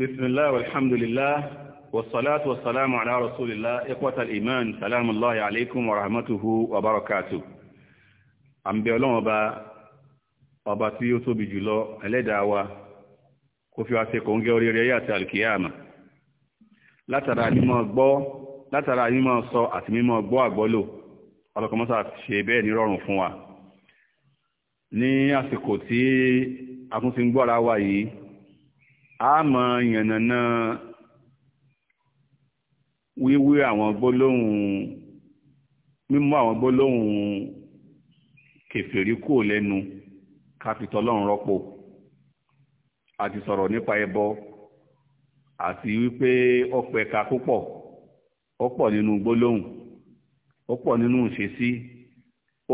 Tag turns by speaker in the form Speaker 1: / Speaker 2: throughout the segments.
Speaker 1: بسم الله والحمد لله والصلاة والسلام على رسول الله إخوة الإيمان سلام الله عليكم ورحمته وبركاته àmbẹ̀ ọlọ́run ọba ọba tí ó tóbi jùlọ ẹlẹ́dàá wa kó fi wá ṣe kò ń gẹ́ oríire ayé àti alkiyama látara mímọ́ gbọ́ látara mímọ́ sọ àti mímọ́ gbọ́ àgbọ́lò ọlọ́kọ̀mọ́sà ṣe bẹ́ẹ̀ ní rọrùn fún wa ní àsìkò tí a tún ti ń gbọ́ra wa yìí a mọ̀ yànnàná wíwí àwọn gbólóhùn mímú àwọn gbólóhùn kèfèrí kúrò lẹ́nu káfíntọ́ ọlọ́run rọ́pò àti sọ̀rọ̀ nípa ẹbọ àti wípé ọ̀pọ̀ ẹ̀ka púpọ̀ ó pọ̀ nínú gbólóhùn ó pọ̀ nínú ìṣesí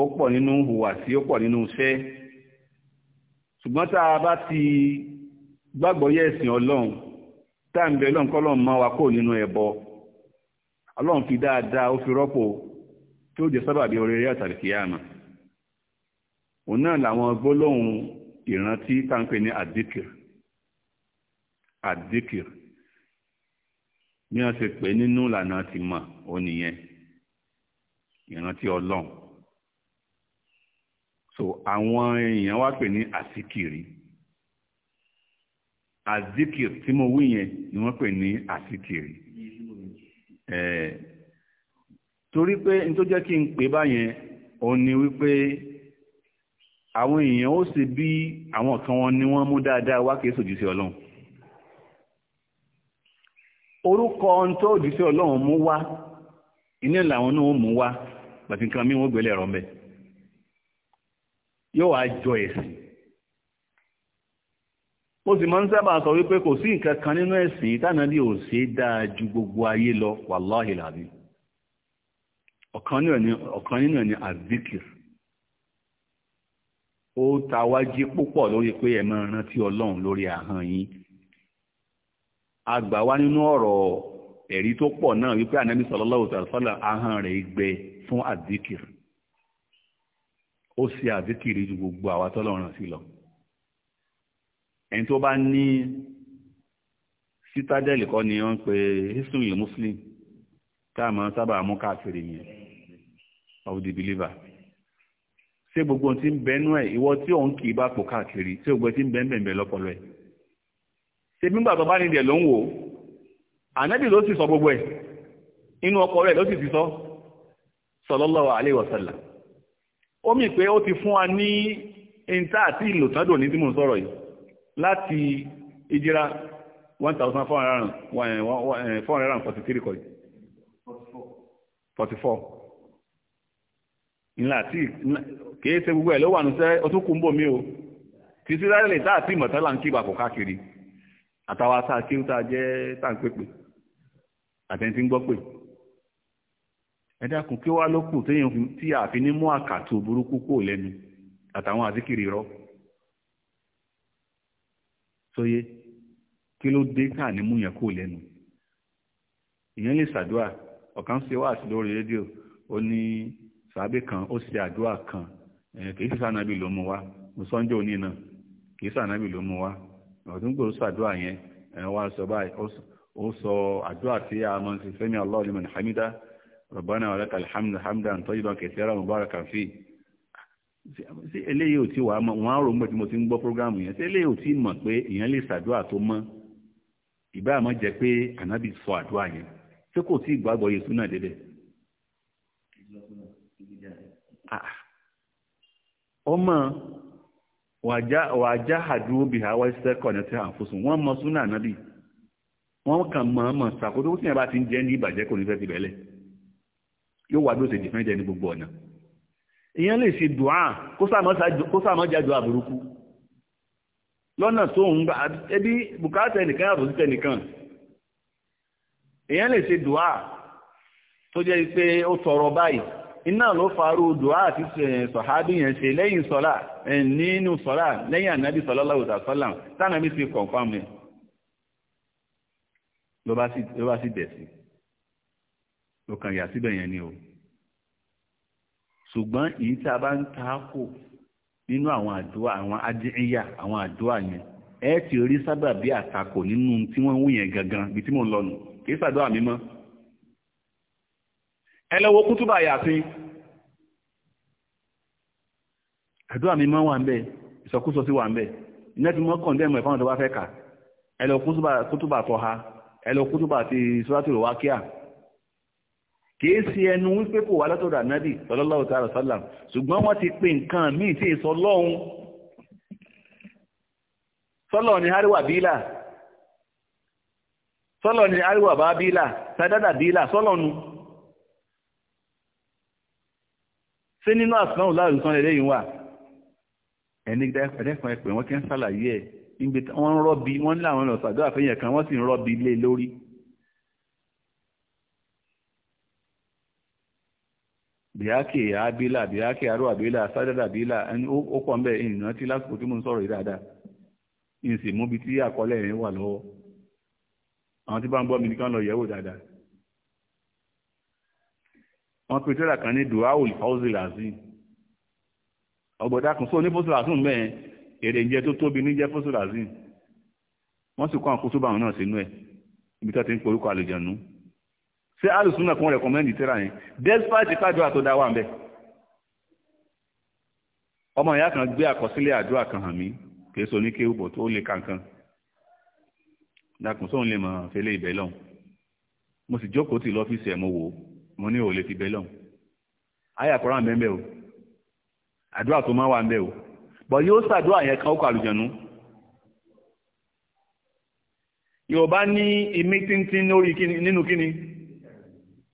Speaker 1: ó pọ̀ nínú hùwàsí ó pọ̀ nínú iṣẹ́ ṣùgbọ́n tá a bá ti gbàgbọ́ yẹ ẹ̀sìn ọlọ́run tá à ń bẹ ọlọ́run kọ́lọ́run máa wá kó nínú ẹ̀bọ ọlọ́run fi dáadáa ó fi rọ́pò tí ó jẹ́ sábàbí oríire àtàlìkìyàmà òun náà làwọn gbólóhùn ìrántí táǹpẹ̀ ní àdíkìr àdíkìr ní wọ́n ṣe pé nínú ìlànà ti mọ̀ ó nìyẹn ìrántí ọlọ́run so àwọn èèyàn wá pè ní àsíkìrì azikir tí mo wí yẹn ni wọ́n pè ní azikiri torí pé n tó jẹ́ kí n pè báyẹn òun ni wípé àwọn èèyàn ó sì bí àwọn kan wọn ni wọ́n mú dáadáa wá kìí sòjú sí ọlọ́run orúkọ ohun tó òjú sí ọlọ́run mú wá iná làwọn náà mú wá bàtí nǹkan mí wọ́n gbélé ẹ̀rọ mẹ́ yóò wá jọ ẹ̀sìn mo sì máa ń sábà sọ wípé kò sí nǹkan kan nínú ẹ̀sìn tánàbí ò ṣe dáa ju gbogbo ayé lọ wàláhì làbí ọ̀kan nínú ẹ̀ azikir ó tawájí púpọ̀ lórí pé ẹ máa rántí ọlọ́run lórí ahọ́n yín àgbà wá nínú ọ̀rọ̀ ẹ̀rí tó pọ̀ náà wípé ànábì sallallahu alaihi wasallam ahọ́n rẹ̀ gbẹ fún azikir ó ṣe azikir ju gbogbo àwa tọ́lọ́run sí lọ. ẹni tó bá ní citadel kọ́ ni wọ́n pe history muslim táàmù sábà mú káàkiri yẹn of the believer ṣé gbogbo tí ń bẹnú ẹ̀ ìwọ tí òun kì í bá pò káàkiri ṣe gbogbo tí ń bẹ́ẹ̀bẹ̀ẹ̀ lọ́pọ̀lọ́ ẹ̀ bí ń ló ń wò ló sì sọ gbogbo ẹ̀ inú ọkọ̀ rẹ̀ ló sì ti sọ tí mò ń láti ìjírá 1443 kọ̀ì 44 ńlá tí kìí ṣe gbogbo ẹ̀ ló wà ní sẹ́ ọtún kú ń bò mí o ti sí rálẹ̀ táà tí mọ̀tẹ́lá ń kíbà kò káàkiri àtàwà sáà kí ó tàà jẹ́ tàǹpẹ̀pẹ̀ àtẹ̀ntí ń gbọ́ pé ẹ dákun kí wá ló tí àfi ní mú àkàtò burúkú kò lẹ́nu àtàwọn àzíkiri rọ́ sóyé kí ló dé káà ní múyàn kó lẹ́nu ìyẹn lè ṣàdúrà ọ̀kan ṣe wá àti lórí rédíò ó ní sàábé kan ó ṣe àdúrà kan kìí ṣe sànàbì ló mú wá mo òní náà kìí sànàbì ló mú wá ọ̀dún gbòòrò ṣàdúrà yẹn wá sọ báyìí ó sọ àdúrà tí a mọ̀ sí fẹ́mi Allahu liman hamida rabbana wa lakal hamdu hamdan tayyiban ṣé eléyìí ò ti wà mọ̀ wọ́n á rò mọ̀ tí mo ti ń gbọ́ prógrámù yẹn ṣé eléyìí ò ti mọ̀ pé èèyàn lè ṣàdúrà tó mọ́ ìbáàmọ́ jẹ́ pé ànábì sọ àdúrà yẹn ṣé kò tí ìgbàgbọ́ yẹn súnà dédé. ọmọ ah. wàjá àdúró bí àwọn iṣẹ́ kọ̀nẹ́tì àfosùn wọ́n mọ súnà ànábì wọ́n kàn mọ̀ ọ́n mọ̀ ṣàkóso tí yẹn bá ti ń jẹ́ ní ìbàjẹ́ kò ní fẹ́ ti bẹ̀lẹ̀ yóò wá bí ó ṣe dìfẹ́ǹdẹ̀ ní gbogbo ọ̀nà èèyàn lè ṣe dùá kó sàmọ́jà dùá burúkú lọ́nà tó ń gbà ẹbí bùkátà ẹnìkan yàtọ̀ sí tẹnìkan èèyàn lè ṣe dùá tó jẹ́ pé ó tọrọ báyìí iná ló farú dùá àti sọ̀hábí yẹn ṣe lẹ́yìn sọ́lá nínú sọ́lá lẹ́yìn ànábì sallallahu alaihi wasallam tánàbí sí kọ̀ǹfàm rẹ̀ ló bá sì bẹ̀ sí ló kàn yà síbẹ̀ yẹn ni o ṣùgbọ́n èyí tí a bá ń ta kò nínú àwọn àdúrà àwọn adìyà àwọn àdúrà yẹn ẹ ti rí sábà bí àtakò nínú tí wọ́n ń wù yẹn gangan bí tí mò ń lọ nù kì í ṣàdúrà mímọ́ ẹ lọ wo kútúbà yàtìn àdúrà mímọ́ wà ń bẹ ìsọkúsọ sí wà ń bẹ iná tí wọ́n kàn dé ẹ̀mọ̀ ìfọ́nà tó bá fẹ́ kà ẹ lọ kútúbà tọ́ha ẹ lọ kútúbà ti sọ́dátìrò wákíà kìí ṣe ẹnu wípé kò wá látọ̀dọ̀ ànábì sallallahu ta'ala sallam ṣùgbọ́n wọ́n ti pe nǹkan míì tí èso lọ́hun sọ́lọ̀ ni hariwa bílà sọ́lọ̀ ni hariwa bá bílà sadada bílà sọ́lọ̀ nu ṣé nínú àsìnáwò láàrin sán lélẹ́yìn wà ẹni ẹ̀dẹ́kan ẹ̀pẹ̀ wọ́n kẹ́ ń ṣàlàyé ẹ̀ wọ́n ń rọ́bi wọ́n ní bíákè ábílà bíákè aró àbílà sádàdà àbílà ó pọ̀ mbẹ́ ìrìnà tí lásìkò tí mo ń sọ̀rọ̀ yìí dáadáa ìsìn mú bi tí àkọọ́lẹ̀ rẹ̀ wà lọ́wọ́ àwọn tí bá ń gbọ́ mi nìkan lọ yẹ̀wò dáadáa wọ́n pe tẹ́lá kan ní duaul fawzil azim ọgbọ̀dá kan sóò ní fawzil azim mẹ́ẹ̀ èrè ń jẹ tó tóbi ní jẹ́ fawzil azim wọ́n sì kọ́ àwọn kótóbà wọn náà sínú ẹ̀ ibi tó ti ń porúkọ àlùjànnú ṣé alùsùn náà kún rẹ̀kọ̀mẹ́ndì tíra yẹn despite ìpàdé àtọ́dá wà ń bẹ̀ ọmọ ìyá kan gbé àkọsílẹ̀ àdúrà kan hàn mí kìí so ní kéwù bọ̀ tó lè kankan dákun sóun lè mọ̀ fẹ́lẹ́ ìbẹ̀ lọ́hùn mo sì jókòó tì lọ́fíìsì ẹ̀ mo wò ó mo ní òòlè ti bẹ̀ lọ́hùn àyà kọ́ra ń bẹ́ẹ̀ o àdúrà tó máa wà ń bẹ́ẹ̀ o bọ̀ yóò ṣàdúrà yẹn kan ó kọ àlùjọ̀nú Yorùbá ní imí tíntín lórí nínú kíni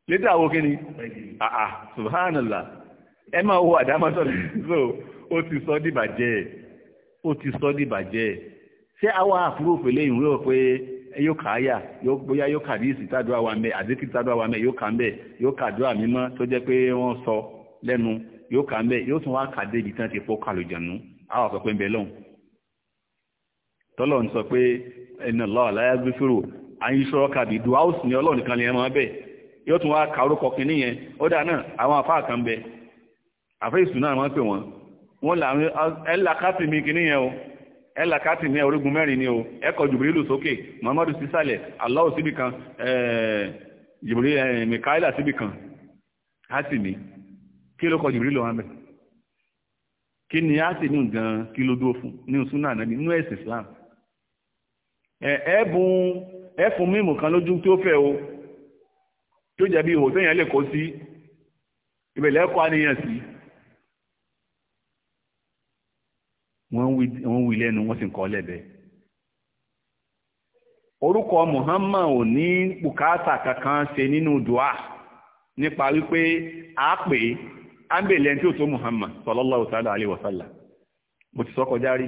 Speaker 1: létí àwo kí ni àà subhanala ẹ máa wo àdámọ́tọ́ so ó ti sọ dìbàjẹ́ ó ti sọ dìbàjẹ́ ṣé àwa àfúrófè lẹ́yìn rẹ̀ pé yóò kà bóyá yóò kà díìsì tádùá wa mẹ́ àdékì wa mẹ́ yóò kà ń yóò kà mímọ́ tó jẹ́ pé wọ́n sọ lẹ́nu yóò kà ń yóò tún wá kà débi tán ti fọ́ kàlùjọ̀nù àwọn sọ pé yóò tún wá ka orúkọ kìíní yẹn ó dà náà àwọn àfáà kan bẹ àfẹ́ ìsù náà pè wọ́n wọ́n là ẹ̀là káàtì mi kìíní yẹn o ẹ̀là káàtì mi orígun mẹ́rin ni o ẹ̀kọ́ jùbìrìlù sókè muhammadu sísàlẹ̀ Allahu síbì kan jùbìrìlù mikaela síbì kan káàtì mi kí ló kọ jùbìrìlù wọn bẹ kí ni á sì ní nǹkan kí ló dúró fún ní sunna nàbí nínú ẹ̀sìn Islam ẹ̀ẹ́bùn ẹ̀fún mímù kan lójú tó fẹ́ o tó jẹ́ bí ihò téèyàn lè kó sí ìbẹ̀lẹ̀ ẹ̀kọ́ àníyàn sí. wọ́n wí lẹ́nu wọ́n sì ń kọ́ lẹ́bẹ̀ẹ́ orúkọ muhammad ò ní bùkátà kankan ṣe nínú dùá nípa wípé a pè é ámbèlẹ̀ tí ó tó muhammad sallallahu ta'ala alaihi wa sallam mo ti sọ kọjá rí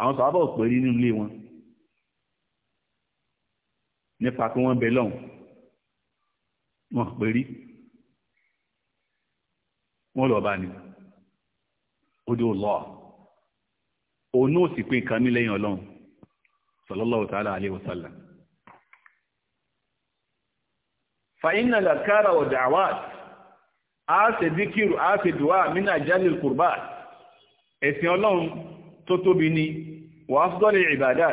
Speaker 1: àwọn sọ̀rọ̀ pè nínú ilé wọn nípa kí wọ́n bẹ lọ́hùn wọn pè rí wọn lọ bá ní odò lọ òun náà sì pé nǹkan nílẹ̀yìn ọlọ́run sallallahu ta'ala alayhi wa sallam fàyínà làkàrà ọ̀dà àwáàt a ṣe díkìrù a ṣe dùwà mínà jálil kùrbà ẹ̀sìn ọlọ́run tó tóbi ni wà fúdọ́lẹ̀ ìbàdà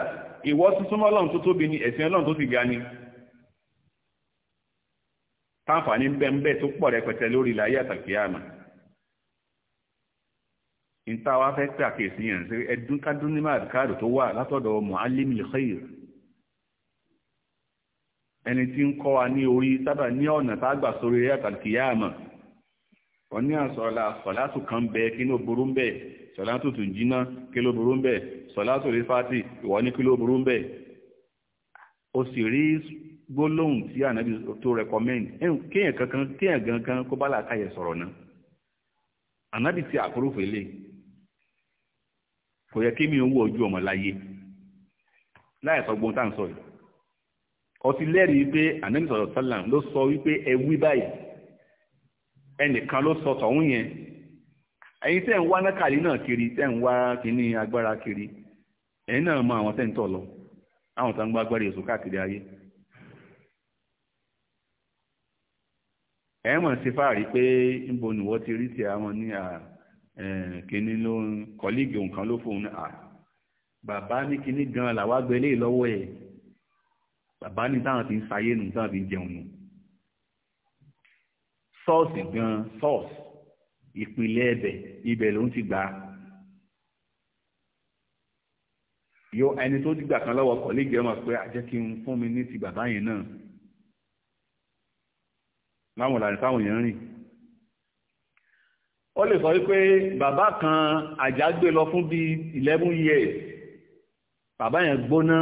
Speaker 1: ìwọ́ tuntun ọlọ́run tó tóbi ni ẹ̀sìn ọlọ́run tó ti ga ni táǹfààní ń bẹ ń bẹ tó pọ̀ rẹpẹtẹ lórí ilẹ̀ ayé àtàkì àmà níta wá fẹ́ pé àkíyèsí yẹn ṣe ẹdún kádún ní màdìkáàdù tó wà látọ̀dọ̀ muallim al ẹni tí ń kọ́ wa ní orí sábà ní ọ̀nà tá a gbà sórí ilẹ̀ àtàkì àmà wọ́n ní àsọ̀lá sọ̀látù kan bẹ kí ló burú ń bẹ sọ̀látù tún jiná kí ló burú ń bẹ sọ̀látù rí fátì ìwọ ní kí ló burú ń bẹ ó sì rí gbólóhùn tí ànábì tó recommend kéèyàn kankan kéèyàn gangan kó bá làákàyè sọ̀rọ̀ náà ti àkórófò kò yẹ kí mi owó ojú ọmọ láyé láì sọ gbóhùn tá yìí ọtí lẹ́rìí pé sọ̀rọ̀ sálàm sọ wípé ẹ wí báyìí ẹnìkan ló sọ tọ̀hún yẹn tẹ́ ń wá nákàlí kiri tẹ́ ń wá kíní kiri ẹ̀yin náà mọ àwọn tẹ́ lọ àwọn ń agbára káàkiri ayé ẹ̀wọ̀n ṣe fàárí pé níbo nìwọ ti rí ti àwọn ní kíní ló ń kọ́líìgì nǹkan ló fòun à bàbá ní kíní gan làwa gbé lé lọ́wọ́ ẹ̀ bàbá ní táwọn ti ń sayé nù táwọn ti ń jẹun nù sọ́ọ̀sì gan sọ́ọ̀sì ìpìlẹ̀ ẹ̀bẹ̀ ibẹ̀ ló ń ti gbà á ẹni tó dìgbà kan lọ́wọ́ kọ́líìgì ẹ̀ mọ̀ pé àjẹ́ kí fún mi ní ti bàbá yẹn náà láwọn ìlànà táwọn èèyàn rìn ó lè sọ wípé bàbá kan àjágbé lọ fún bíi eleven years bàbá yẹn gbóná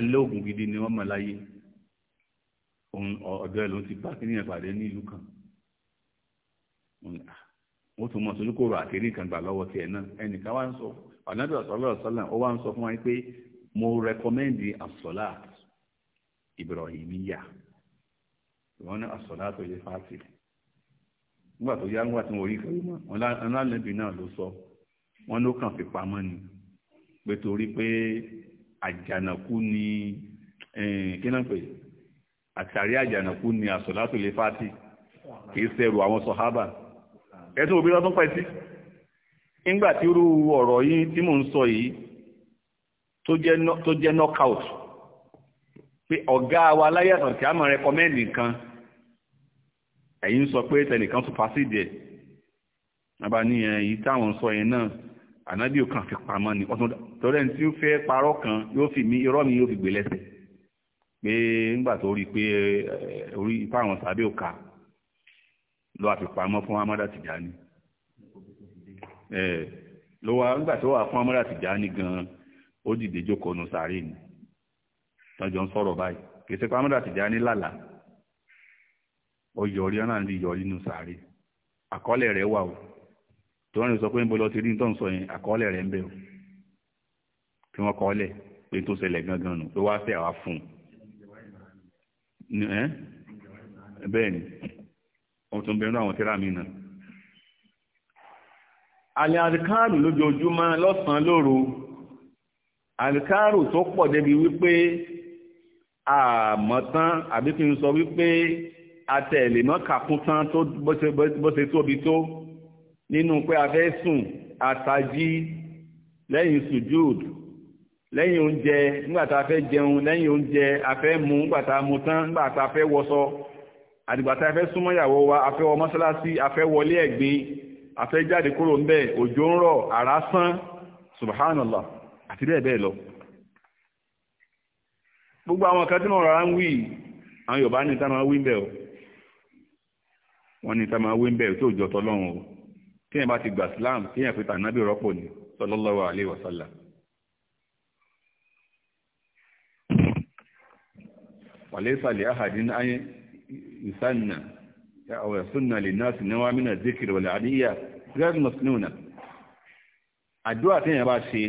Speaker 1: alóògùn gidi ni wọ́n mọ̀ láyé ọ̀dọ́ ẹ̀ ló ti bá kí ní ẹ̀pàdé ní ìlú kan ó ah, tún mọ̀ sójú kòrò àkèrè kan gbà lọ́wọ́ tiẹ̀ náà ẹnìkan wá ń sọ ọ̀nàbí ọ̀sọ́lọ́ ọ̀sọ́lá ó wá ń sọ fún wa pé mo rẹkọmẹ́ndì àsọ́lá Ibrahimiya wọn ní àsọ̀lá tó yẹ fáàtì nígbà tó yá nígbà tí wọ́n rí ìkẹ́rù wọn lálẹ́bí náà ló sọ wọ́n ló kàn fi pamọ́ ni pé torí pé àjànàkú ni àtàrí àjànàkú ni àsọ̀lá tó yẹ fáàtì sọ yìí tó jẹ́ knockout pé ọ̀gá wa láyàtọ̀ tí a mọ̀ rẹkọmẹ́ndì kan ẹ̀yin sọ pé tẹnìkan supersede ẹ̀ nàbà ní èyí táwọn sọ yẹn náà ànábì ò kàn fi pamọ́ ni ọ̀tún tọ́lẹ̀ tí ó fẹ́ parọ́ kan yóò fi mí irọ́ mi yóò fi gbé lẹ́sẹ̀ pé nígbà tó rí i pé orí ipá àwọn a ò lọ àfipamọ́ fún amádà Tìjàní ló wá nígbà tó wà fún gan-an ó dìde jókòó nù sàárè ni tọ́jọ́ ń sọ̀rọ̀ báyìí kì ó yọrí ọ̀nà lè yọrí nínú sàárè àkọọ́lẹ̀ rẹ̀ wà o tí wọ́n lè sọ pé ń bọ́ lọ ti rí nítorí sọ yẹn àkọọ́lẹ̀ rẹ̀ ń bẹ̀ o kí wọ́n kọ́ ọ́lẹ̀ pé tó ṣẹlẹ̀ gangan nù pé wá fẹ́ àwa fún un bẹ́ẹ̀ ni ó tún bẹ̀rù àwọn tíra mi náà. àlẹ́ àdìkáàrù lójoojúmọ́ lọ́sàn-án lóru àdìkáàrù tó pọ̀ débi wípé àmọ́tán àbí kí n sọ wípé atẹ̀lẹ̀mọ́ kàkún tán tó bó ṣe tóbi tó nínú pé a fẹ́ sùn àtàjí lẹ́yìn sùjúd lẹ́yìn oúnjẹ nígbàtà fẹ́ jẹun lẹ́yìn oúnjẹ a fẹ́ mu nígbàtà mu tán nígbàtà fẹ́ wọṣọ àdìgbàtà fẹ́ súnmọ́ ìyàwó wa a fẹ́ wọ mọ́ṣáláṣí a fẹ́ wọlé ẹ̀gbin a fẹ́ jáde kúrò ń bẹ̀ òjò ń rọ̀ àrá sán subhanallah àti bẹ́ẹ̀ bẹ́ẹ̀ lọ gbogbo àwọn kan tí wọ́n rọra ń wí àwọn yorùbá ní ìtàn máa wí ń bẹ̀ o wọ́n ní táwọn awé ń bẹ̀rù tí òjò tọ́lọ́run o tí yẹn bá ti gbà síláàmù tí yẹn fi tànàbí rọ́pò ní sallallahu alaihi wasallam. wàlẹ́sà lè ahàdín ayé ìsànà àwọn ẹ̀sùnà lè náà sí níwá mínà zikiri wàlẹ̀ àdíyà gẹ́gùnmọ̀s àdúrà tí yẹn bá ṣe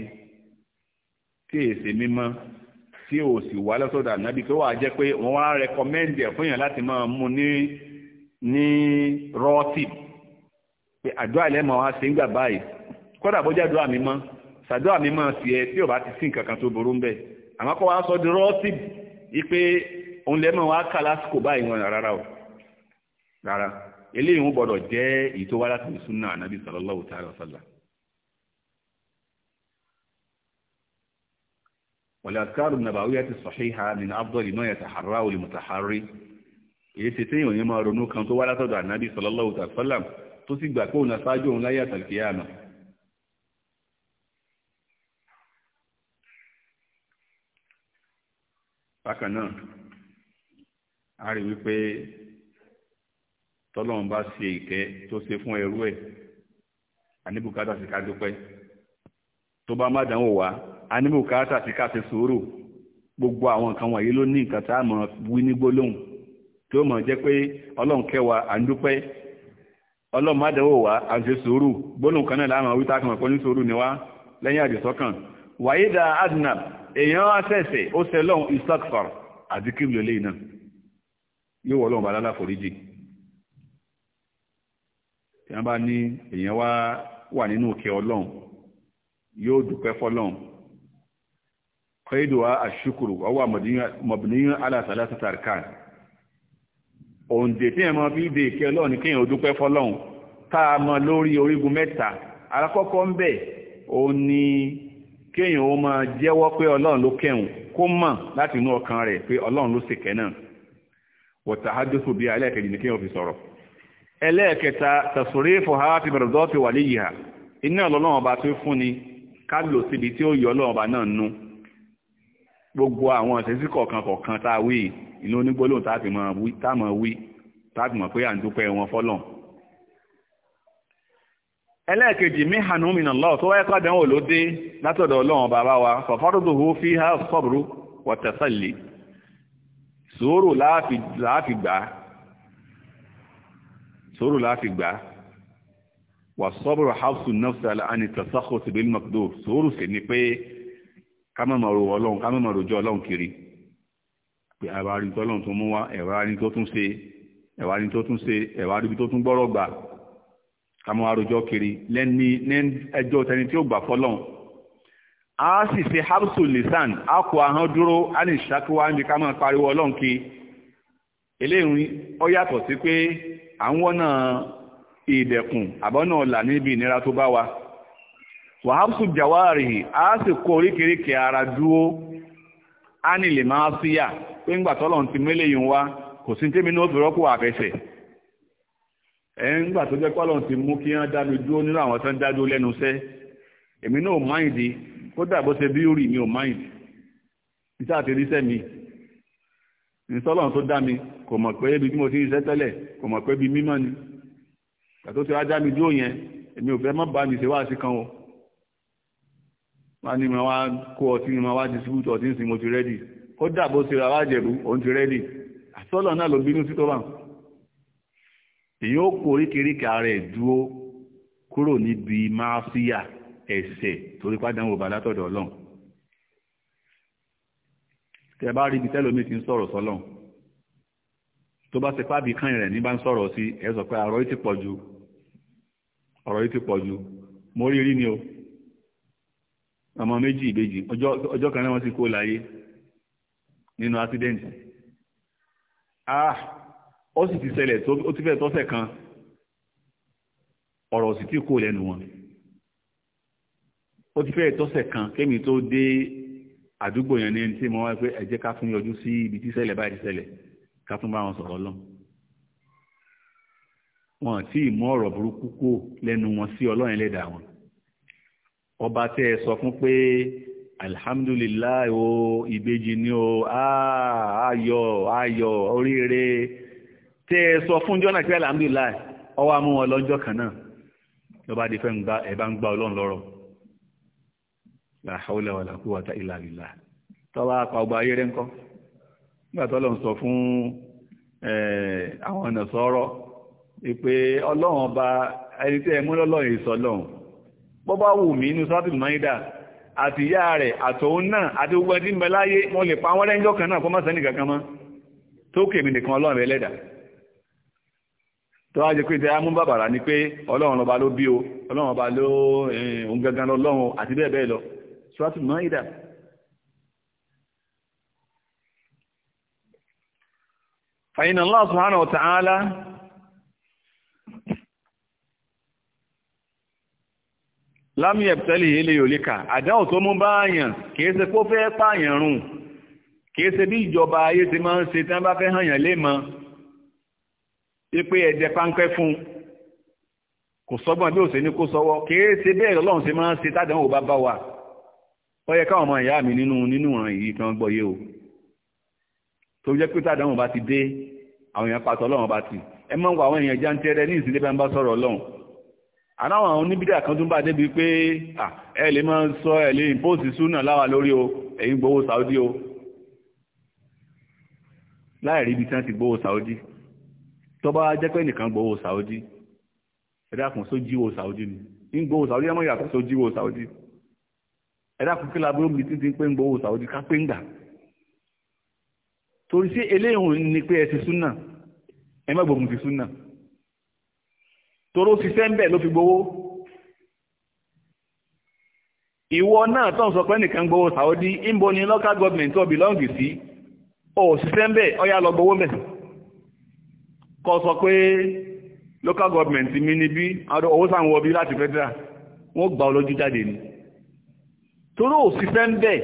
Speaker 1: tí èsè mímọ́ tí ò sì wà lọ́sọ̀dà nábì tó wà jẹ́ pé wọ́n wá rẹkọmẹ́ndì ẹ̀ fún yàn láti máa mú ní ní rọ́ọ̀tì pé àdúrà ilẹ̀ mọ̀ wá ṣe ń gbà báyìí kọ́dà bọ́jà àdúrà mi mọ́ ṣàdúrà mi mọ́ sí ẹ tí ò bá ti sí nǹkan kan tó burú ń bẹ̀ àmọ́ kọ́ wá sọ di rọ́ọ̀tì wípé òun lẹ́ wá kà lásìkò báyìí wọn rárá o rárá eléyìí wọn gbọ́dọ̀ jẹ́ èyí tó wá láti sunna ànábì sallallahu ta'ala wa sallam والأذكار النبوية الصحيحة من أفضل ما يتحراه المتحري èyí ṣe téèyàn ní máa ronú kan tó wá látọ̀dọ̀ ànábì sallallahu alaihi wasallam tó sì gbà pé òun aṣáájú òun láyé bákan náà a rí wípé tọ́lọ́run bá ṣe ìkẹ́ tó ṣe fún ẹrú ẹ̀ àníbùkátà sí ká dúpẹ́ tó bá má dánwò wá gbogbo àwọn nǹkan wọ̀nyí ló ní nǹkan tá tí ó mọ̀ jẹ́ pé ọlọ́run kẹwàá à ń dúpẹ́ ọlọ́run má dánwò wá à ń ṣe sùúrù gbólóhùn kan náà láàmà wíta kan pọ̀ ní sùúrù ni wá lẹ́yìn àdìsọ́kàn wàyídà adnà èèyàn àṣẹ̀ṣẹ̀ ó ṣe lọ́hùn isakfar àti kíbi lélẹ́yìn náà yóò wọ ọlọ́run bá lálá foríjì tí wọ́n bá ní èèyàn wá wà nínú òkè ọlọ́run yóò dúpẹ́ fọlọ́run kọ́ ìdùwà àṣùkùrù ọwọ́ mọ̀bìnrin òǹdè tí ẹ̀mọ́ bí ìdè ìkẹ́ ọlọ́run ní kéèyàn dúpẹ́ fọlọ́run tá a mọ lórí orígun mẹ́ta alákọ́kọ́ ń bẹ̀ òun ni kéèyàn ó máa jẹ́wọ́ pé ọlọ́run ló kẹ́hùn kó mọ̀ láti inú ọkàn rẹ̀ pé ọlọ́run ló sì kẹ́ náà wọ̀tà hádùsù bí ẹlẹ́ẹ̀kejì ní kéèyàn fi sọ̀rọ̀ ẹlẹ́ẹ̀kẹta tàṣùrí fòhá ti bẹ̀rẹ̀ dọ́ wà léyìí hà iná ọlọ́run ọba tó fún ni ká lò síbi tí ó yọ ọlọ́run ọba náà nú gbogbo àwọn ìṣesí kọ̀ọ̀kan kọ̀ọ̀kan tá a wí inú onígbólóhùn tá mọ̀ wí tá wí tá mọ̀ pé à ń dúpẹ́ wọn fọ́lọ̀ ẹlẹ́ẹ̀kejì mí hànú mi nà tó wáyé pàdánwò ló dé látọ̀dọ̀ ọlọ́run bàbá wa fọ̀fọ́dọ̀dọ̀ fi há sọ́bùrú wọ̀tẹ̀sẹ̀lì sùúrù láàfi gbà sùúrù láàfi gbà wà sọ́bùrù hafsu nafsa alani tasakhus bil maqdur sùúrù sì ká mọ̀ mọ̀rò ọlọ́run ká mọ̀ mọ̀rò jọ ọlọ́run kiri pé ẹ̀wà rí tọ́lọ́run tó mú wá ẹ̀wà rí tó tún ṣe ẹ̀wà rí tó tún ṣe ẹ̀wà rí tó tún gbọ́rọ̀ gbà ká mọ̀ àròjọ kiri lẹ́ni ní ẹjọ́ tẹni tí ó gbà fọ́lọ́run a sì ṣe hapsul lisan a kó ahọ́n dúró a lè ṣàkíwá níbi ká mọ̀ pariwo ọlọ́run kí eléyìí ó yàtọ̀ sí pé à ń wọ́nà ìdẹ̀kùn àbọ́nà ọ̀là níbi ìnira tó bá wa wàhálùsù jàwárì á sì kó oríkèéríkèé ara dúró á ní lè máa síyà pé ńgbà tọ́lọ̀ ti mélé yìí wá kò sí tèmi náà fi rọ́pò àfẹsẹ̀ ẹ̀ ńgbà tó jẹ́ pọ́lọ̀ ti mú kí wọ́n dá mi dúró nínú àwọn tó ń dá dúró lẹ́nu iṣẹ́ èmi náà máìdì kódà bó ṣe bí rí mi ò máìdì ìta àti ríṣẹ́ mi ìsọ́lọ̀ tó dá mi kò mọ̀ pé ibi tí mo ti ń iṣẹ́ tẹ́lẹ̀ kò mọ̀ pé ibi mímọ́ ni tàtó ti wá dá mi dúró yẹn èmi ò fẹ́ mọ́ bá mi ṣe wá sí kan o wọ́n ní ma wá kó ọtí ní ma wá distribute ọtí ní sí mo ti rẹ́dì ó dàbó ti ra wájẹ̀bú òun ti rẹ́dì àtọ́lọ̀ náà ló bínú sí tó bá èyí ó kó oríkèéríkèé ara ẹ̀ dúró kúrò níbi máa síyà ẹ̀ṣẹ̀ torí pádánwò bá látọ̀dọ̀ ọlọ́run tẹ bá rí ibi tẹ́lómi ti ń sọ̀rọ̀ sọ́lọ́run tó bá ti fábì kan rẹ̀ ní bá ń sọ̀rọ̀ sí ẹ pé ọ̀rọ̀ yìí ti pọ̀ ju ọ̀rọ̀ yìí ti pọ̀ ju mo rí rí ni o ọmọ méjì ìbejì ọjọ́ kan náà wọ́n sì kó láyé nínú ásídẹ́ǹtì ah ó sì ti ṣẹlẹ̀ ó ti fẹ́ tọ́sẹ̀ kan ọ̀rọ̀ sì ti kó lẹ́nu wọn ó ti fẹ́ tọ́sẹ̀ kan kémi tó dé àdúgbò yẹn ní ẹni tí mo wá pé ẹ jẹ́ ká tún yọjú sí ibi tí ṣẹlẹ̀ báyìí ṣẹlẹ̀ ká tún bá wọn sọ̀rọ̀ lọ wọn tí ì ọ̀rọ̀ burúkú kó lẹ́nu wọn sí ọlọ́run ẹlẹ́dàá wọn ọba tí ẹ sọ fún pé alhamdulillah o ìbejì ni o ah, ayọ̀ ayọ̀ oríire tí ẹ sọ fún jọ́nà pé alhamdulillah ọwọ́ amú wọn lọ́jọ́ kan náà lọ́ba di fẹ́ ẹ̀bá ń gba ọlọ́run lọ́rọ̀ la hawla wala quwwata illa billah tọ́wọ́ apá ọgbà ayé rẹ̀ ń kọ́ nígbà tó lọ́n sọ fún àwọn ọ̀nà sọ̀rọ̀ pé ọlọ́run ọba ẹni tí ẹ mú lọ́lọ́run ìsọ̀lọ́run bọ́ wù mí inú àti ìyá rẹ̀ àtòun náà àti gbogbo ẹni láyé wọ́n lè pa wọ́n kan náà kó má kankan mọ́ tó kèmì nìkan ọlọ́run lẹ́dà tó wá jẹ́ pé amú bàbàrà pé ọlọ́run o ọlọ́run ọba ló ń gangan àti bẹ́ẹ̀ bẹ́ẹ̀ lọ fàyínà lámì ẹ̀pẹ̀tẹ́lì ilé yòlíkà àdáwò tó mú bá àyàn kìí ṣe kó fẹ́ pààyàn rùn kìí ṣe bí ìjọba ayé ti máa ń ṣe tí wọ́n bá fẹ́ hàyàn léèmọ́ pípé ẹ̀jẹ̀ páńpẹ́ fún kò sọ́gbọ́n bí òṣè ní kó sọ́wọ́ kìí ṣe bẹ́ẹ̀ lọ́run ṣe máa ń ṣe tádàwò bá bá wa ó yẹ káwọn ọmọ ìyá mi nínú nínú ìran yìí kan gbọ́ yé o tó jẹ́ pé tádàwò bá ti dé àwọn èèyàn pàtó ọlọ́run bá ti ẹ mọ́ wọ àwọn èèyàn jáńtẹ́rẹ́ ní ìsìnlẹ̀ bá ń bá sọ̀rọ̀ ọlọ́run aláwọn àwọn oníbídà kan tún bá débi pé ẹ lè máa sọ ẹ lè impose súnà láwa lórí o ẹ̀yin gbowó Saudi o láìrí ibi tí wọ́n ti gbowó Saudi tó bá jẹ́ pé nìkan gbowó Saudi ẹ dákun só jíwó Saudi ni ń gbowó Saudi ẹmọ yàtọ̀ só jíwó Saudi ẹ dákun kí labúrò mi títí pé ń gbowó Saudi ká pé ń gbà torí sí eléyìí ni pé ẹ ti súnà ẹ má gbógun ti súnà toró ṣiṣẹ́ ń bẹ̀ ló fi gbowó ìwọ náà tó ń sọ pé nìkan gbowó Saudi ìbò ni local government tó bìlọ́ǹgì sí ò ṣiṣẹ́ ń bẹ̀ ọyá lọ gbowó mẹ́ kọ sọ pé local government mi ni bí owó sáà ń wọ bí láti federal wọ́n gbà olójú jáde ni toró ò ṣiṣẹ́ ń bẹ̀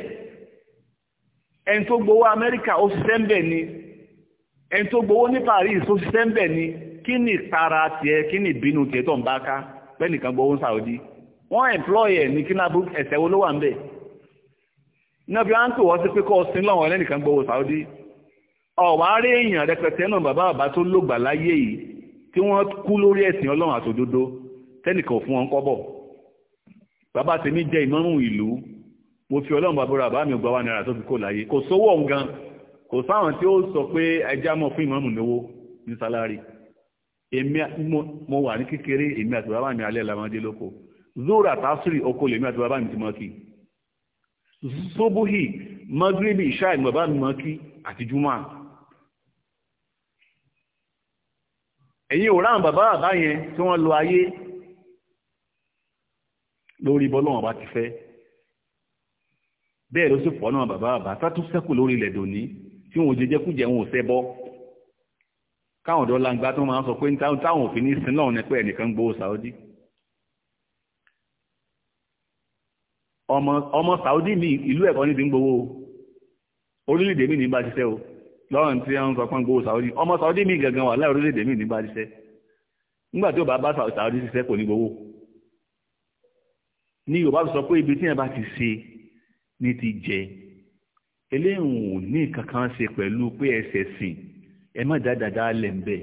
Speaker 1: ẹni tó gbowó Amẹ́ríkà ó ṣiṣẹ́ ni ẹni tó gbowó ní Paris ó ṣiṣẹ́ ń ni kí ni tara tiẹ̀ kí ni ìbínú tiẹ̀ tó ń bá ká lẹ́nìkan gbowó ń Saudi wọ́n employ ẹ̀ ní kínábù ẹ̀sẹ̀ wo ló wà ń bẹ̀ náà bí wọ́n ń pè wọ́n sí pé kọ́ ọsìn lọ́wọ́ lẹ́nìkan gbowó Saudi ọ̀wá rí èèyàn rẹpẹtẹ náà bàbá bàbá tó lògbà láyé yìí tí wọ́n kú lórí ẹ̀sìn Ọlọ́run àtòdodo tẹ́nìkan ò fún wọn kọ́bọ̀ bàbá tèmi jẹ́ ìmọ̀rún ìlú mo fi Ọlọ́run bàbá bàbá mi gbọ́ wà náírà tó fi kó ní sálárì èmi mo wà ní kékeré èmi àti bàbá mi alẹ́ làmọ́dé lóko zora tasiri oko lèmi àti bàbá mi ti mọ́ kí sobohi magrebi ìṣá ìmọ̀ bàbá mi mọ́ kí àti juma ẹ̀yin ò ráhùn bàbá bàbá yẹn tí wọ́n lo ayé lórí bọ́lọ́wọ́n bá ti fẹ́ bẹ́ẹ̀ ló sì pọ̀ náà bàbá bàbá tá tún sẹ́kù lórí ilẹ̀ dòní tí wọn ò jẹjẹkújẹ wọn ò sẹ́bọ́ táwọn ọ̀dọ́ langba tó máa ń sọ pé táwọn òfin ní sin náà ni pé ẹnìkan gbowó Saudi ọmọ Saudi mi ìlú ẹ̀kọ́ ní ti ń gbowó orílẹ̀-èdè mi ní bá ṣiṣẹ́ o lọ́rùn tí wọ́n sọ pé ń gbowó Saudi ọmọ Saudi mi gangan wà láì orílẹ̀-èdè mi ní bá ṣiṣẹ́ nígbà tí ó bá bá Saudi ṣiṣẹ́ kò ní gbowó ní Yorùbá sọ pé ibi tí ẹ bá ti ṣe ní ti jẹ eléyìí ò ní kankan ṣe pẹ̀lú pé ẹsẹ̀ sìn ẹ má dáadáa dálẹ̀ ń bẹ̀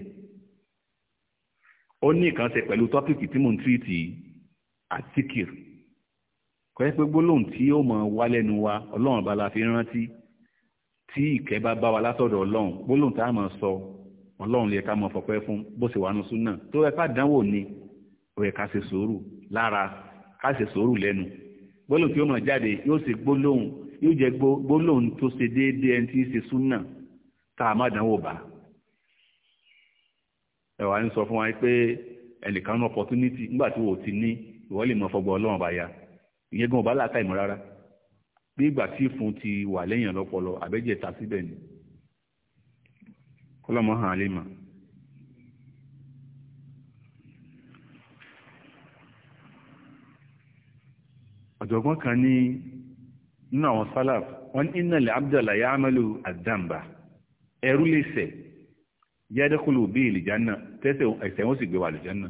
Speaker 1: ó ní nǹkan ṣe pẹ̀lú tọ́pìkì tí mò ń tíìtì àtíkìr kò yẹ pé gbólóhùn tí ó mọ̀ wá lẹ́nu wa ọlọ́run bá la fi rántí tí ìkẹ́ bá bá wa látọ̀dọ̀ ọlọ́run gbólóhùn tá a mọ̀ sọ ọlọ́run lè ká mọ̀ fọ̀pẹ́ fún bó ṣe wà nù súnà tó ẹ pàdánwò ni ó yẹ ká ṣe sùúrù lára ká ṣe sùúrù lẹ́nu gbólóhùn tí ó mọ̀ jáde yóò ṣe gbólóhùn yóò jẹ́ gbólóhùn tó ṣe déédéé ẹni tí ń ṣe súnà tá a má dánwò bá ẹ̀wà ń sọ fún wa pé ẹnìkan ní opportunity nígbà tí wò ó ti ní ìwọ lè mọ fọgbọ ọlọ́run bá ya ìyẹn gan ọba làákà ìmọ̀ rárá bí ìgbà tí ìfun ti wà lẹ́yìn lọ́pọlọ àbẹ́jẹ́ ta síbẹ̀ ni kọ́lọ́mọ hàn lè mọ̀. ọ̀jọ̀gbọ́n kan ní nínú àwọn sálàf wọ́n ní ìnàlẹ̀ abdallah ya'malu àdàmbà ẹrú lè ṣẹ̀ yẹ́dẹ́kùlù bí ìlìjánà tẹ́sẹ̀ ẹ̀sẹ̀ ó sì gbé wà lìjánà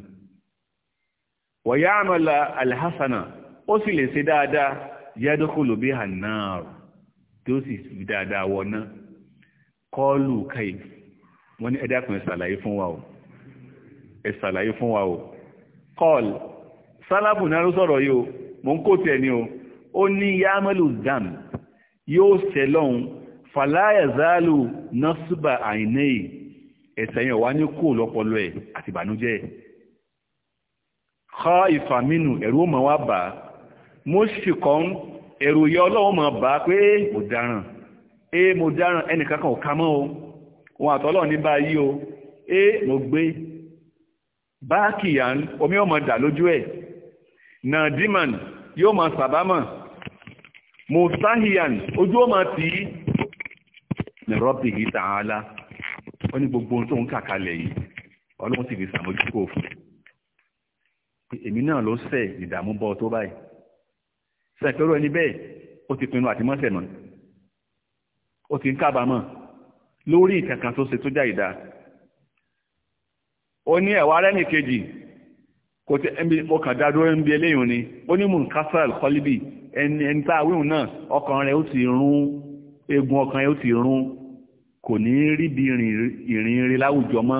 Speaker 1: wọ̀yá àmàlà alhassana ó sì lè ṣe dáadáa yẹ́dẹ́kùlù bí hannar tí ó sì fi dáadáa wọná kọlù kai wọ́n ní ẹ̀dàkùn ẹ̀sàlàyé fún wa o ẹ̀sàlàyé fún wa o kọl sálábù náà ló sọ̀rọ̀ yìí o mò ń kó tiẹ̀ ni o ó ní yámẹ́lù dam yóò ṣẹlọ́hun fàlàyà záàlù nọ́sùbà àìníyìí ẹ̀ṣẹ̀ yẹn wá ní kó lọ́pọlọ ẹ̀ àti ìbànújẹ́ ẹ̀ kọ́ ìfàmínú ẹ̀rú ọmọ wa bá mo sì kọ́ ẹ̀rù yẹ ọlọ́wọ́ mọ̀ bá pé mo dáràn é mo dáràn ẹnìkan kan ò ká mọ́ o wọn àtọ́lọ́ ní báyìí o é mo gbé báàkì yà ń omi ọmọ dà lójú ẹ̀ nàdíman yóò máa sàbámọ̀ musahiyan ojú ọmọ tí ní rọ́bì tààlà ó ní gbogbo ohun tó ń kàkalẹ̀ yìí ọlọ́run sì fi sàmójúkò fún èmi náà ló sẹ̀ ìdààmú bọ́ tó báyìí sẹ̀pẹ́rọ ẹni bẹ́ẹ̀ ó ti pinnu àti mọ́sẹ̀ mọ́ ó ti ń kábàámọ̀ lórí ìkankan tó ṣe tó já ìdá ó ní ẹ̀wà rẹ́nì kejì kò tí mo kàn dá dúró ń eléyìí ni ó ní mò ń kásáràl kọ́líbì ẹni tá a wíhùn náà ọkàn rẹ̀ ó ti rún eegun ọkàn rẹ̀ ó ti rún kò ní ríbi ìrìn rí láwùjọ mọ́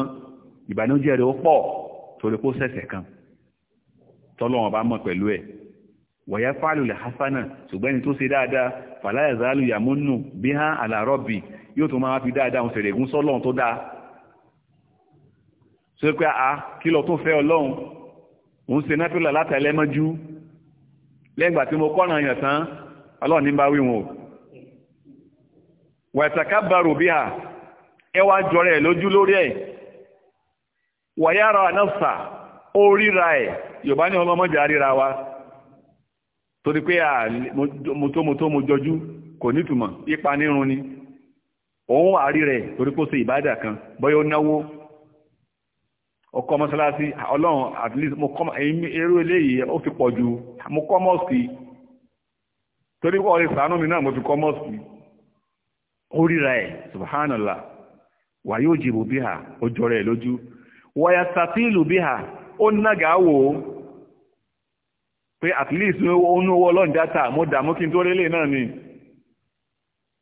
Speaker 1: ìbànújẹ́ rẹ̀ ó pọ̀ torí kó ṣẹ̀ṣẹ̀ kan tọ́lọ́wọ́n bá mọ̀ pẹ̀lú ẹ̀ wọ̀yá fàálùlẹ̀ hasana ṣùgbọ́n ẹni tó ṣe dáadáa fàláyà záàlù yàmúnù bí hàn àlàrọ́bì yóò tó máa fi dáadáa òun ṣèrè gún sọ́lọ́run tó dáa ṣe pé a kí lọ tó fẹ́ ọlọ́run òun ṣe náfìlà látàlẹ́mọ́jú lẹ́gbàá tí mo kọ́ràn yàn tán ọlọ́run ní bá wí wọn o wàtàkàbàrò bí a ẹ wá jọrọ ẹ lójú lórí ẹ wàyára anáfà ó ríra ẹ yorùbá ní ọmọ mọ́jà ríra wa torí pé à mọ́tòmọ́tò mo jọjú kò nítumọ̀ ipa nírun ni òun wà rí rẹ̀ torí pé ó ṣe ìbádà kan bọ́yọ́ náwó ọkọ̀ mọ́sálásí ọlọ́run at least mo kọ́ eré eléyìí ó fi pọ̀ ju mo kọ́ mọ́ọ̀sì torí pé ọ̀rẹ́ sàánú mi náà mo fi kọ́ mọ́ọ̀sì ó ríra ẹ̀ subhanallah wà yóò jìbò bí ha ó jọrọ ẹ̀ lójú wàyà sàfíìlù bí ha ó nága wò ó pé at least ó ní owó ọlọ́run dáta mo dààmú kí n tó rélé náà ni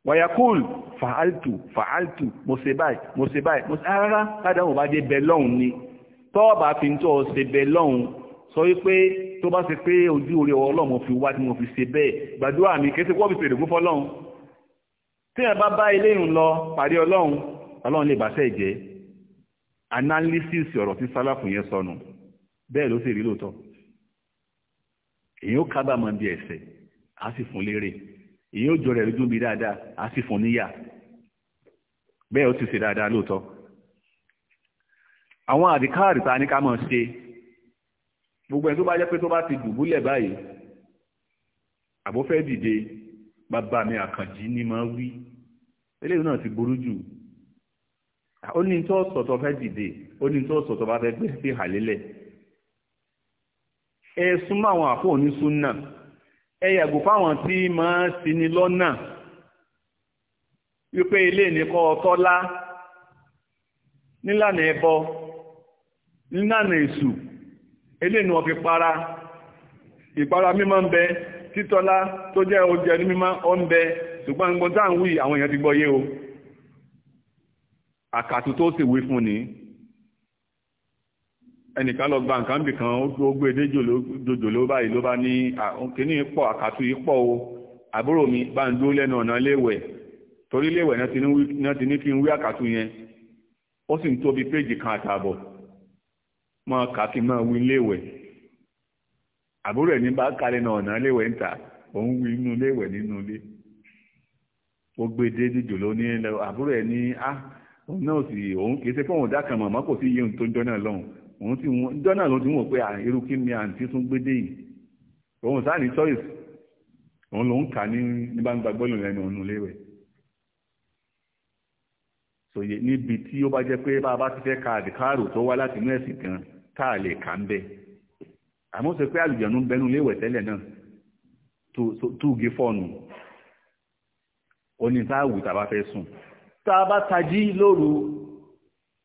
Speaker 1: wàyà kúl fàáltù fàáltù mo ṣe báyìí mo ṣe báyìí ni tọ́ọ̀bà fi ń tọ́ ọ ṣe bẹ lọ́hùn sọ wípé tó bá mo fi mo fi ṣe bẹ́ẹ̀ gbàdúrà mi kí ẹ ṣe wọ́n tí ẹ bá bá eléyìí lọ pàdé ọlọ́run ọlọ́run lè bàṣẹ́ ìjẹ́ analysis ọ̀rọ̀ tí sálàfù yẹn sọnù bẹ́ẹ̀ ló sì rí lóòótọ́ èyí ó kábàámọ̀ bí ẹ̀ṣẹ̀ á sì fún lérè èyí ó jọ rẹ̀ lójú bí dáadáa á sì fún níyà bẹ́ẹ̀ ó ti ṣe dáadáa lóòótọ́ àwọn àdìkáàrì ta ní ká mọ̀ ṣe gbogbo ẹ̀ tó bá jẹ́ pé tó bá ti dùbúlẹ̀ báyìí àbó fẹ́ dìde bàbá mi àkànjí ni máa wí eléyìí náà ti burú jù ó ní tó sọ̀tọ̀ fẹ́ dìde ó ní tó sọ̀tọ̀ bá fẹ́ gbé sí àlélẹ̀ ẹ súnmọ́ àwọn àfọ́ onísúnnà ẹ yàgò fáwọn tí máa ṣì ní lọ́nà wípé ilé nìkan ọ̀tọ́lá nílànà ẹbọ nílànà èṣù eléyìí ni wọ́n fi para ìpara mímọ́ ń bẹ títọ́lá tó jẹ́ oúnjẹ ní mímá ọ́nbẹ ṣùgbọ́n gbọ́n tá à ń wí àwọn èèyàn ti gbọ́ yé o àkàtù tó sì wí fún ni ẹnìkan lọ gba nǹkan bì kan ó gbé dójò ló báyìí ló bá ní kíní pọ̀ àkàtù yìí pọ̀ o àbúrò mi bá ń dúró lẹ́nu ọ̀nà léèwẹ̀ torí léèwẹ̀ náà ti ní kí n wí àkàtù yẹn ó sì ń tóbi péjì kan àtààbọ̀ mọ́ kàkí máa wí léèwẹ̀ àbúrò ẹ̀ ní bá kalẹ̀ náà ọ̀nà léwẹ̀ ń ta òun wí inú léwẹ̀ nínú ilé ó gbé dé díjò ló ní àbúrò ẹ̀ ní á ah, òun náà sì òun kì í ṣe pé òun dákan màmá kò sí yéun tó ń jọ́nà lọ́hùn òun ti wọn jọ́nà ló ti wọ̀ pé ah, irú kí ni àǹtí tún gbé dé yìí òun sáà ní choice òun ló kà ní ní bá ń gba gbọ́lù lẹ́nu òun léwẹ̀ níbi tí ó bá jẹ́ pé bá a bá ti fẹ́ ka àdìkáàrò tó wá láti inú ẹ̀sìn kan tá a lè kà ń bẹ́ẹ̀ àmọ́ ṣe pé àlùjọ̀nù bẹnu léwẹ̀ tẹ́lẹ̀ náà túùgé fọ́ọ̀nù ó ní táàwù tàbá fẹ́ sùn tàbá tají lóru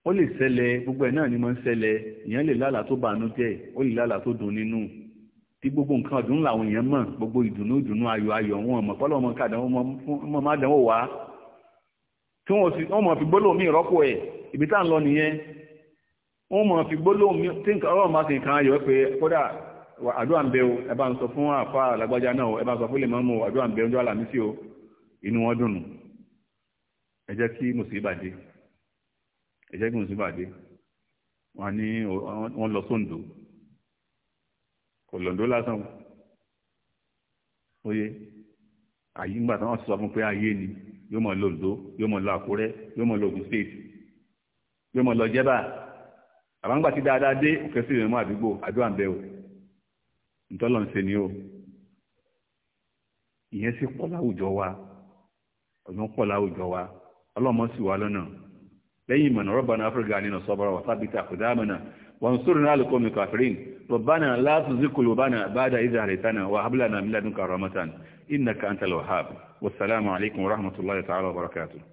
Speaker 1: ó lè ṣẹlẹ̀ gbogbo ẹ̀ náà ni mo ń ṣẹlẹ̀ èèyàn lè lálàá tó bànú jẹ́ ó lè lálàá tó dùn nínú tí gbogbo nǹkan ọdún làwọn èèyàn mọ̀ gbogbo ìdùnnú ìdùnnú ayọ̀ ayọ̀ wọn mọ̀ kọ́lọ́ ọmọ kàdán ọmọ má dánwò wá tí wọ́n mọ̀ fi gbólóhùn mi rọ́pò ẹ̀ ibi tá à ń lọ nìyẹn wọ́n mọ̀ fi gbólóhùn tí ọlọ́run bá ti nǹkan ayọ̀ pé kódà àdúrà ń bẹ o ẹ bá ń sọ fún àfa alágbájá náà o ẹ bá ń sọ fún lè mọ́mú o àdúrà ń bẹ ọjọ́ àlàmísì o inú wọn dùn nù ẹ jẹ́ kí mùsùlùmí dé ẹ jẹ́ kí mùsùlùmí dé wọn ní wọn lọ sóńdó kò lọ́ndó lásán oyè àyè ńgbà tí wọ́n sọ fún pé ayé ni yóò mọ̀ lọ́ndó yóò mọ̀ lọ àkúrẹ́ yóò mọ̀ lọ state yóò mọ̀ lọ jẹ́bà àbáńgbà tí dáadáa dé òkèsí ìrìnmọ́ àdúgbò àdúrà ń bẹ o senio ń ṣe ni o ìyẹn sì pọ̀ láwùjọ wa ọ̀nà pọ̀ láwùjọ wa ọlọ́mọ sì wà lọ́nà lẹ́yìn ìmọ̀nà rọ́bàna áfíríkà nínú sọ́bọ̀rọ̀ wàsábìtì àkùdámọ̀nà wọn sórin alùkọ́mì kàfírín rọ̀bánà látún ìdá wà ta'ala wabarakatuh